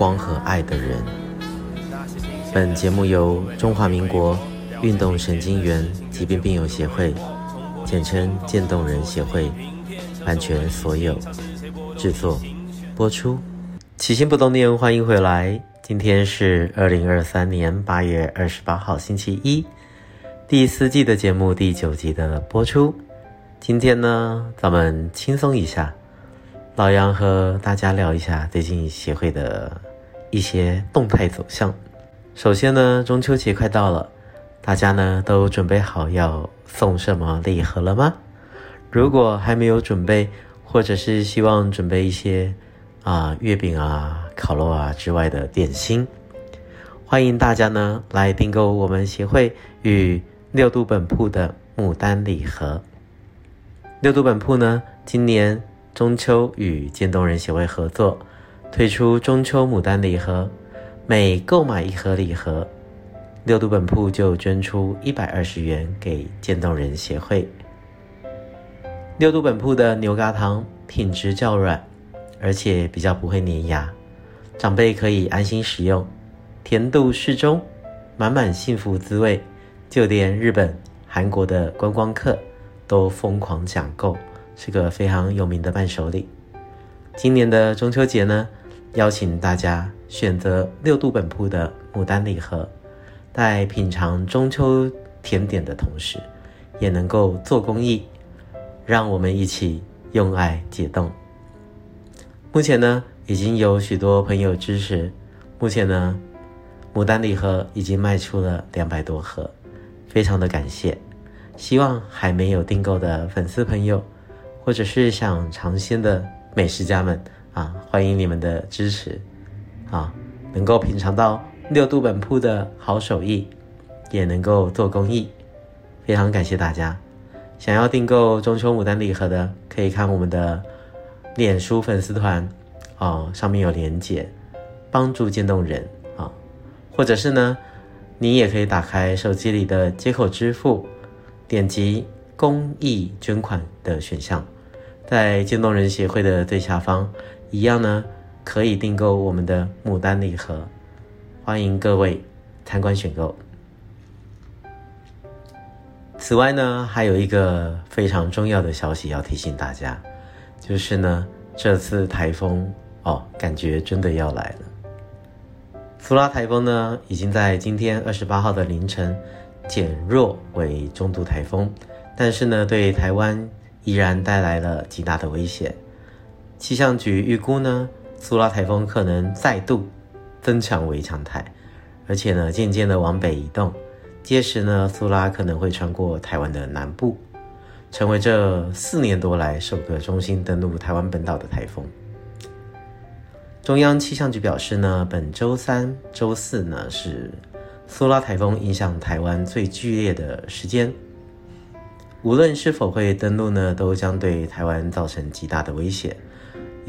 光和愛的人。本節目由中華民國運動神經元疾病病友協會，簡稱漸凍人協會，版權所有，製作播出。起心不凍念，歡迎回來。今天是二零二三年八月二十八號，星期一，第四季的節目第九集的播出。今天呢，咱們輕鬆一下，老羊和大家聊一下最近協會的一些動態走向。首先呢，中秋節快到了，大家呢都準備好要送什麼禮盒了嗎？如果還沒有準備，或者是希望準備一些啊、呃、月餅啊、烤肉啊之外的點心，歡迎大家呢來訂購我們協會與六度本鋪的牡丹禮盒。六度本鋪呢今年中秋與漸凍人協會合作。推出中秋牡丹禮盒，每購買一盒禮盒，六度本鋪就捐出一百二十元給漸凍人協會。六度本鋪的牛軋糖品質較軟，而且比較不會粘牙，長輩可以安心食用，甜度適中，滿滿幸福滋味。就連日本、韓國的觀光客都瘋狂搶購，是個非常有名的伴手禮。今年的中秋節呢，邀請大家選擇六度本鋪的牡丹禮盒，在品嘗中秋甜點的同時，也能夠做公益。讓我們一起用愛解凍。目前呢，已經有許多朋友支持。目前呢，牡丹禮盒已經賣出了兩百多盒，非常的感謝。希望還沒有訂購的粉絲朋友，或者是想嘗鮮的美食家們。啊，歡迎你們的支持，啊，能夠品嘗到六度本鋪的好手藝，也能夠做公益，非常感謝大家。想要訂購中秋牡丹禮盒的，可以看我們的臉書粉絲團，啊，上面有連結，幫助漸凍人啊，或者是呢，你也可以打開手機裡的街口支付，點擊公益捐款的選項，在漸凍人協會的最下方。一樣呢，可以訂購我們的牡丹禮盒，歡迎各位參觀選購。此外呢，還有一個非常重要的消息要提醒大家，就是呢，這次台風哦，感覺真的要來了。蘇拉台風呢，已經在今天二十八號的凌晨減弱為中度台風，但是呢，對台灣依然帶來了極大的危險。氣象局預估呢，蘇拉台風可能再度增強為強台，而且呢，漸漸的往北移動。屆時呢，蘇拉可能會穿過台灣的南部，成為這四年多來首個中心登陸台灣本島的台風。中央氣象局表示呢，本周三、周四呢是蘇拉台風影響台灣最劇烈的時間。無論是否會登陸呢，都將對台灣造成極大的威脅。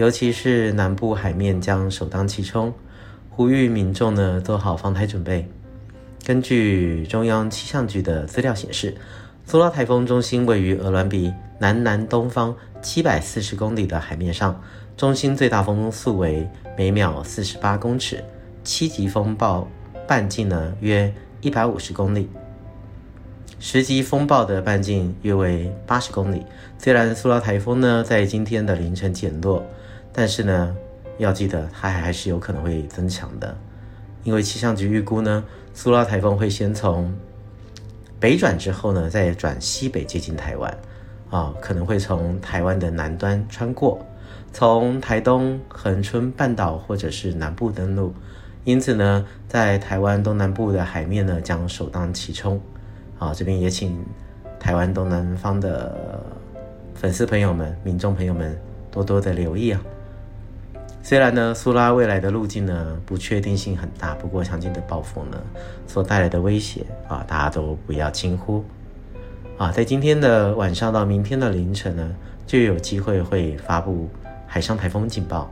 尤其是南部海面將首當其衝，呼籲民眾呢做好防台準備。根據中央氣象局的資料顯示，蘇拉颱風中心位於鵝鑾鼻南南東方七百四十公里的海面上，中心最大風速為每秒四十八公尺，七級風暴半徑呢約一百五十公里，十級風暴的半徑約為八十公里。雖然蘇拉颱風呢在今天的凌晨減弱。但是呢，要記得它還是有可能會增強的，因為氣象局預估呢，蘇拉颱風會先從北轉之後呢，再轉西北接近台灣，啊、哦，可能會從台灣的南端穿過，從台東恆春半島或者是南部登陸，因此呢，在台灣東南部的海面呢將首當其衝，啊、哦，這邊也請台灣東南方的粉絲朋友們、民眾朋友們多多的留意啊。雖然呢，蘇拉未來的路徑呢不確定性很大，不過強勁的暴風呢所帶來的威脅啊，大家都不要輕忽。啊！在今天的晚上到明天的凌晨呢，就有機會會發布海上台風警報，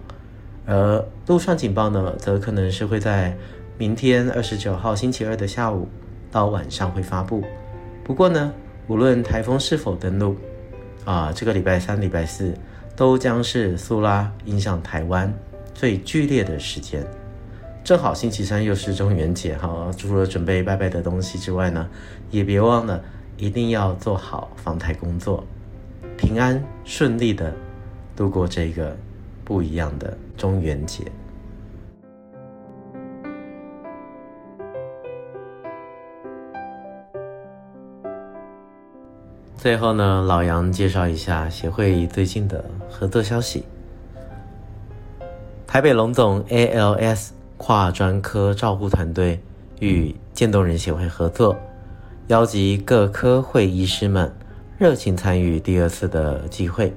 而陸上警報呢，則可能是會在明天二十九號星期二的下午到晚上會發布。不過呢，無論台風是否登陸，啊，這個禮拜三、禮拜四。都將是蘇拉影響台灣最劇烈的時間，正好星期三又是中元節哈。除了準備拜拜的東西之外呢，也別忘了一定要做好防台工作，平安順利的度過這個不一樣的中元節。最後呢，老楊介紹一下協會最近的合作消息。台北榮總 ALS 跨專科照護團隊與漸凍人協會合作，邀集各科會醫師們熱情參與第二次的季會。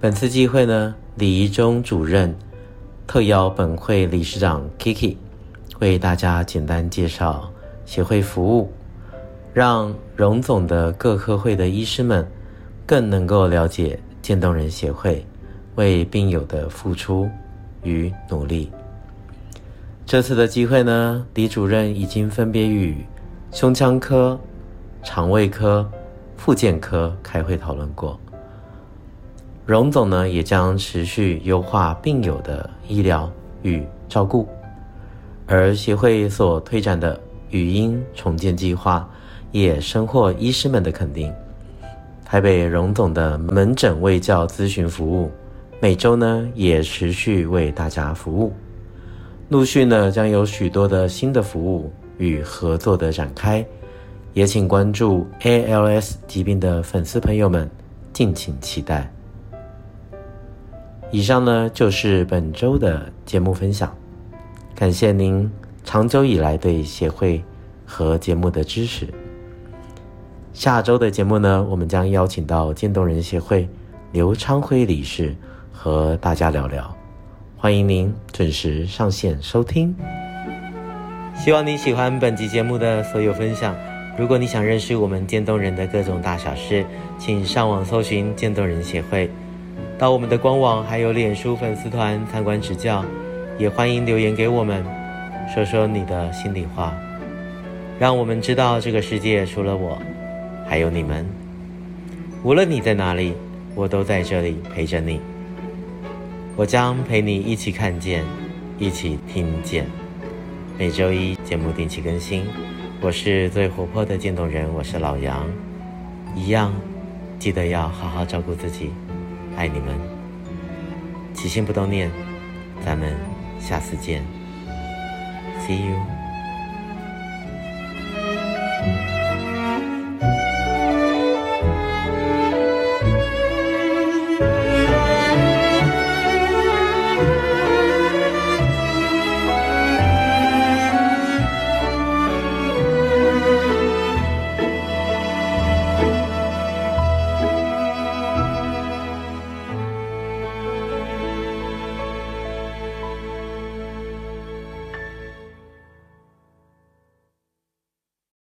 本次季會呢，李宜中主任特邀本會理事長 Kiki 為大家簡單介紹協會服務。讓榮總的各科會的醫師們更能夠了解漸凍人協會為病友的付出與努力。這次的季會呢，李主任已經分別與胸腔科、腸胃科、復健科開會討論過。榮總呢，也將持續優化病友的醫療與照顧，而協會所推展的語音重建計劃。也深獲醫師們的肯定。台北榮總的門診衛教諮詢服務，每周呢也持續為大家服務。陸續呢將有許多的新的服務與合作的展開，也請關注 ALS 疾病的粉絲朋友們，敬請期待。以上呢就是本周的節目分享，感謝您長久以來對協會和節目的支持。下週的節目呢，我們將邀請到漸凍人協會劉昌暉理事，和大家聊聊。歡迎您準時上線收聽。希望你喜歡本集節目的所有分享。如果你想認識我們漸凍人的各種大小事，請上網搜尋漸凍人協會，到我們的官網還有臉書粉絲團參觀指教。也歡迎留言給我們，說說你的心裡話，讓我們知道這個世界除了我，還有你們，無論你在哪裡，我都在這裡陪着你。我將陪你一起看見，一起聽見。每周一節目定期更新，我是最活潑的漸凍人，我是老羊。一樣，記得要好好照顧自己，愛你們。起心不凍念，咱們下次見。See you.